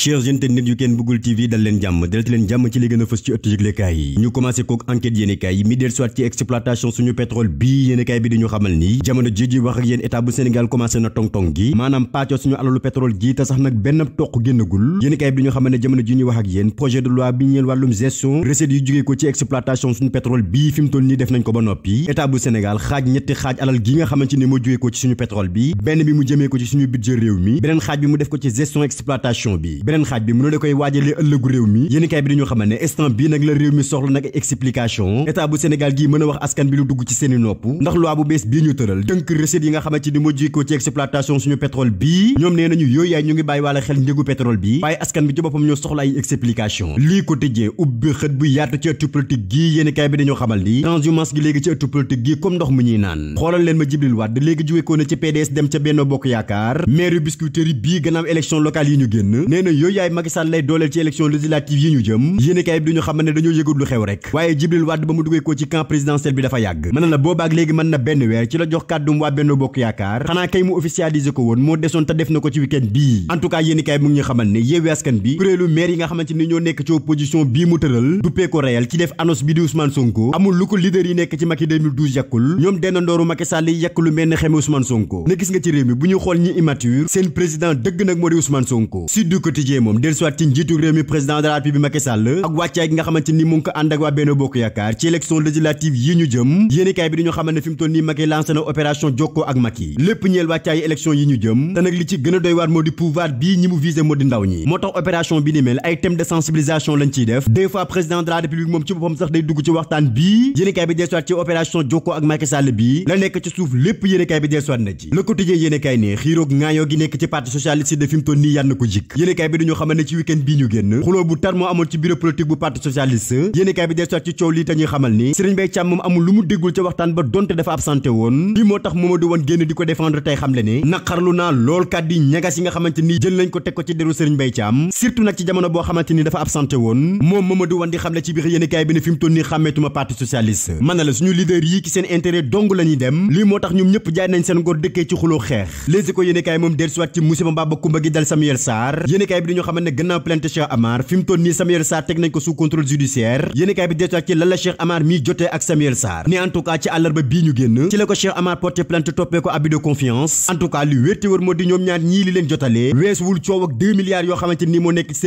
chers internet yu kenn bëggul TV dal leen jàmm dalati leen jàmm ci li gën a fës ci ëttu yëglekaay yi ñu commencé kook enquête yéenekaay yi soit ci exploitation suñu pétrole bii yéenekaay bi na benn toq génnagul yéenekaay bi dañu ne jamono ji ñuy wax ak yéen projet de loi bi ñeel wàllum gestion recettes yu jógee ko ci exploitation suñu pétrole nii def nañ ko ba noppi état bu xaaj ñetti xaaj alal gi nga xamante ni moo jógee ko ci suñu pétrole bi benn bi mu jëmee ko ci suñu budget réew mi beneen xaaj bi mu def ko ci gestion exploitation bi beneen xaaj bi mënu la koy waajalee ëllëgu réew mi yéen bi dañu xamal ne instant bii nag la réew mi soxla nag explication état bu Sénégal gii mën a wax askan bi lu dugg ci seeni nopp ndax loi bu bees bii ñu tëral tënk recette yi nga xamante ni moo jikko ci exploitation suñu pétrole bii ñoom nee nañu yooyu ñu ngi bàyyi waale xel njëgu pétrole bi waaye askan bi ci boppam soxla ay explication lii ko tëjee ubbi xët bu yaatu ci ëttu politique gii yooyu yaay Macky Sall lay dooleel ci élection législative yi ñu jëm yéene kaay bi duñu xam ne dañoo yëgul lu xew rek waaye Jibril Wade ba mu duggee ko ci camp présidentiel bi dafa yàgg mën na la boobaak léegi mën na benn weer ci la jox kàddum waa Benno Bokk Yaakaar xanaa kay mu officialiser ko woon moo desoon te def na ko ci week-end bii en tout mu ñu xamal ne Yewwi Askan bi kuréelu maire yi nga xamante ni ñoo nekk bi di Ousmane yi nga quotidien moom del soit ci njiitu réew mi président de la république ak wàccaay gi nga xamante ni mu ànd ak waa Benno Bokk Yaakaar ci élection législative yi ñu jëm yéenekaay bi dañoo xamante ne fi ak Macky lépp ñeel wàccaayi ni mel ay thème de sensibilisation lañ ciy ci boppam sax day dugg ci waxtaan bi del soit ci opération jokkoo ak Macky Sall la nekk ci suuf lépp yéenekaay bi del soit na ci le quotidien yéenekaay ne xiiroog ngaayoo gi nekk ci bi dañu xamal ne ci week bii ñu génn xuloo bu tar moo ci bureau politique bu parti socialiste yéenekaay bi dellusiwaat ci coow lii te ñuy xamal ni Serigne Mbaye Thiam moom amul di ko di xamle ci biir yéenekaay bi ne fi mu nii xàmmeetuma parti socialiste man la suñu leader yi ci seen intérêt dong la dem lii moo tax ñoom ñëpp jaay nañ seen ngor dëkkee ci xuloo xeex Les Échos yéenekaay moom dellusiwaat ci musiba mbaa ba kumba gi dal Samuel Sarr yéenekaay bi dañu xamal ne gannaaw plainte Cheikh Amar fi mu nii Samuel Sarr teg nañ ko sous contrôle judiciaire yéenekaay bi deetaat ci lan la Cheikh Amar miy jotee ak Samuel ko Cheikh Amar porté plainte toppee ko moo di moo nekk yi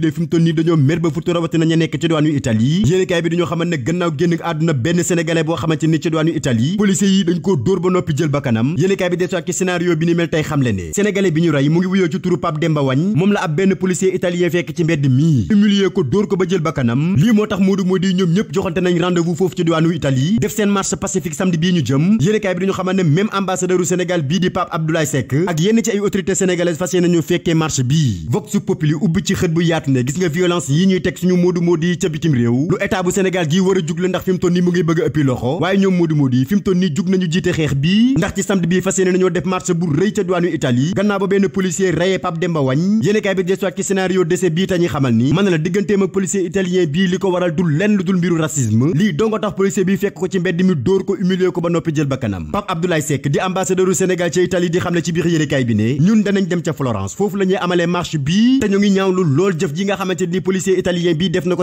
de fi mu nii dañoo mer ba futu rawatina ña nekk ci diwaanu Italie yi yéenekaay bi dañoo xamante ne gannaaw génn àdduna benn sénégalais boo xamante ni ci diwaanu Italie policiers yi dañ koo dóor ba noppi jël bakkanam yéenekaay bi desuwaat ci scénario bi ni mel tey xamle ne sénégalais bi ñu rey mu ngi wuyoo ci turu Pape Demba Wagne moom la ab benn policier italien fekk ci mbedd mii humilier ko dóor ko ba jël bakkanam lii moo tax Modou Modi ñoom ñëpp joxante nañ rendez-vous foofu ci diwaanu Italie def seen marche pacifique samedi bii ñu jëm yéenekaay bi u Sénégal bii di Pape boobu lu état bu Sénégal gi war a jug la ndax fi mu toll mu ngi bëgg ëppi loxo waaye ñoom moodu moodu yi fi mu jug nañu jiite xeex bii ndax ci samedi bii fas ni mën na ak policier italien bii li ko waral dul lenn lu dul mbiru racisme lii donga tax policier bi fekk ko ci mbedd mi dóor ko humilier ko ba noppi jël bakkanam Pape Abdoulaye Seck di ambassadeur Sénégal ci Italie di xam ci biir yéenekaay bi ne ñun danañ dem ca Florence foofu la ñuy amalee ni policier italien bii def na ko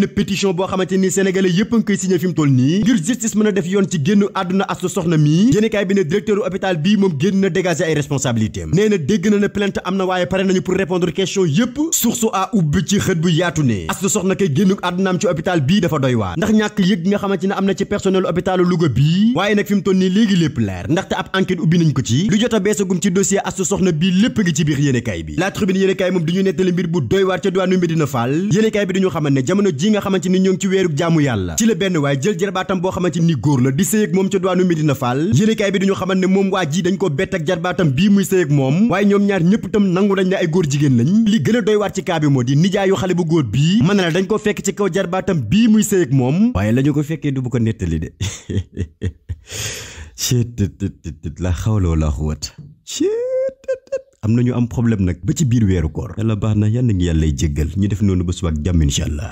benn pétition boo xamante dégg na ne plainte am na waaye pare nañu pour répondre question yëpp source a ubbi ci xët bu yaatu ne Astou Sokhna kay génn àddunaam ci hôpital bii dafa doy ndax ñàkk yëg nga xamante ne am na ci personnel hôpitalu Louga bii waaye nag fi toll nii léegi lépp leer ndaxte ab enquête ubbi nañ ko ci lu jot a beesagum ci dossier Astou Sokhna bii lépp ngi ci biir yéenekaay bi la tribune yéenekaay moom duñu nettali mbir bu doy waar duwaanu Medina Fall nga xamante ni ñoo ngi ci weeruk jaamu yàlla ci benn waay jël jarbaatam boo xamante ni góor la di sëy ak moom ca duwaanu Medina Fall yéenekaay ne moom waa ji dañ ko bett ak jarbaatam bii muy sëy ak moom waaye ñoom ñaar ñëpp itam nangu nañ ne ay góor jigéen lañ li gën a doy waat ci kaa bi moo di nijaayu xale bu góor bii mën na la dañ ko fekk ci kaw jarbaatam bii muy sëy ak moom waaye lañu ko fekkee du bu ko nettali de ctt la xawla wala xuwata am nañu am problème nag ba ci biir weeru koor yàlla baax na yal na ñu yàllay jéggal ñu def noonu ba suwaak jàmm incha allah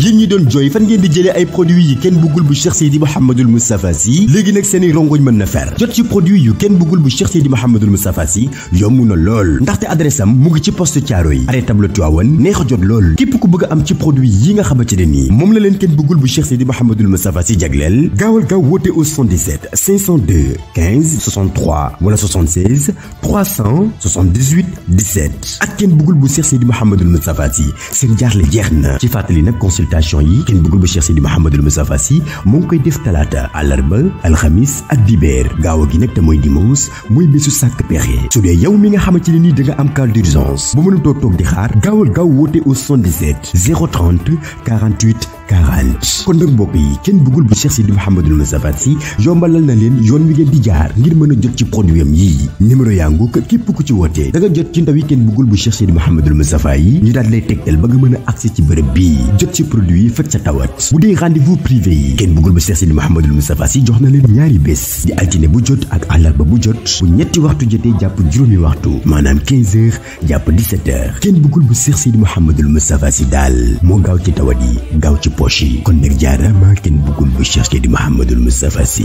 yéen ñi doon jooy fan ngeen di jëlee ay produits yi kenn bëggul bu Cheikh Seydi Mouhamadul Moustapha Sy léegi nag seeni rongoñ mën na fer jot ci produit yu kenn bëggul bu Cheikh Seydi Mouhamadul Moustapha Sy yomb na ndaxte adresse am mu ngi ci poste Thiaro yi arrêt tableau Tivaouane neex a jot lool képp ku bëgg a am ci produit yi nga xamante ne nii moom la leen kenn bëggul bu Cheikh Seydi Mouhamadul Moustapha Sy jagleel gaawal gaaw woote au 77 502 15 63 wala 76 378 17 ak kenn bëggul bu Cheikh Seydi Mouhamadul Moustapha Sy seen jaarle jeex na ci fàttali consultation yi kenn bëggul bu Cheikh Sidi Mouhamadul Moustapha moo ngi koy def talaata àllarba alxamis ak dibeer gaaw gi nii da nga am cas d'urgence bu mënutoo toog di xaar gaawal gaaw woote au 77 030 48 40 kon nag mbokk yi kenn bëggul bu Cheikh Sidi Mouhamadul Moustapha Sy yombalal na leen di jaar ngir mën a jot ci produit ku ci wootee da nga jot ci ndaw yi lay tegtal ba nga mën a accès ci bërëb bii jot ci produit faj sa tawat bu dee rendez-vous privé yi kenn bëggul ba Cheikh Sidi Mouhamadou Moustapha Sy jox na leen ñaari bés di altine bu jot ak àllarba bu jot bu ñetti waxtu jotee jàpp juróomi waxtu maanaam 15 heures jàpp 17 heures kenn bëggul bu Cheikh Sidi Mouhamadou Moustapha si daal moo gaaw ci tawat yi gaaw ci poche yi kon nag jaarama kenn bëggul bu Cheikh Sidi Mouhamadou Moustapha Sy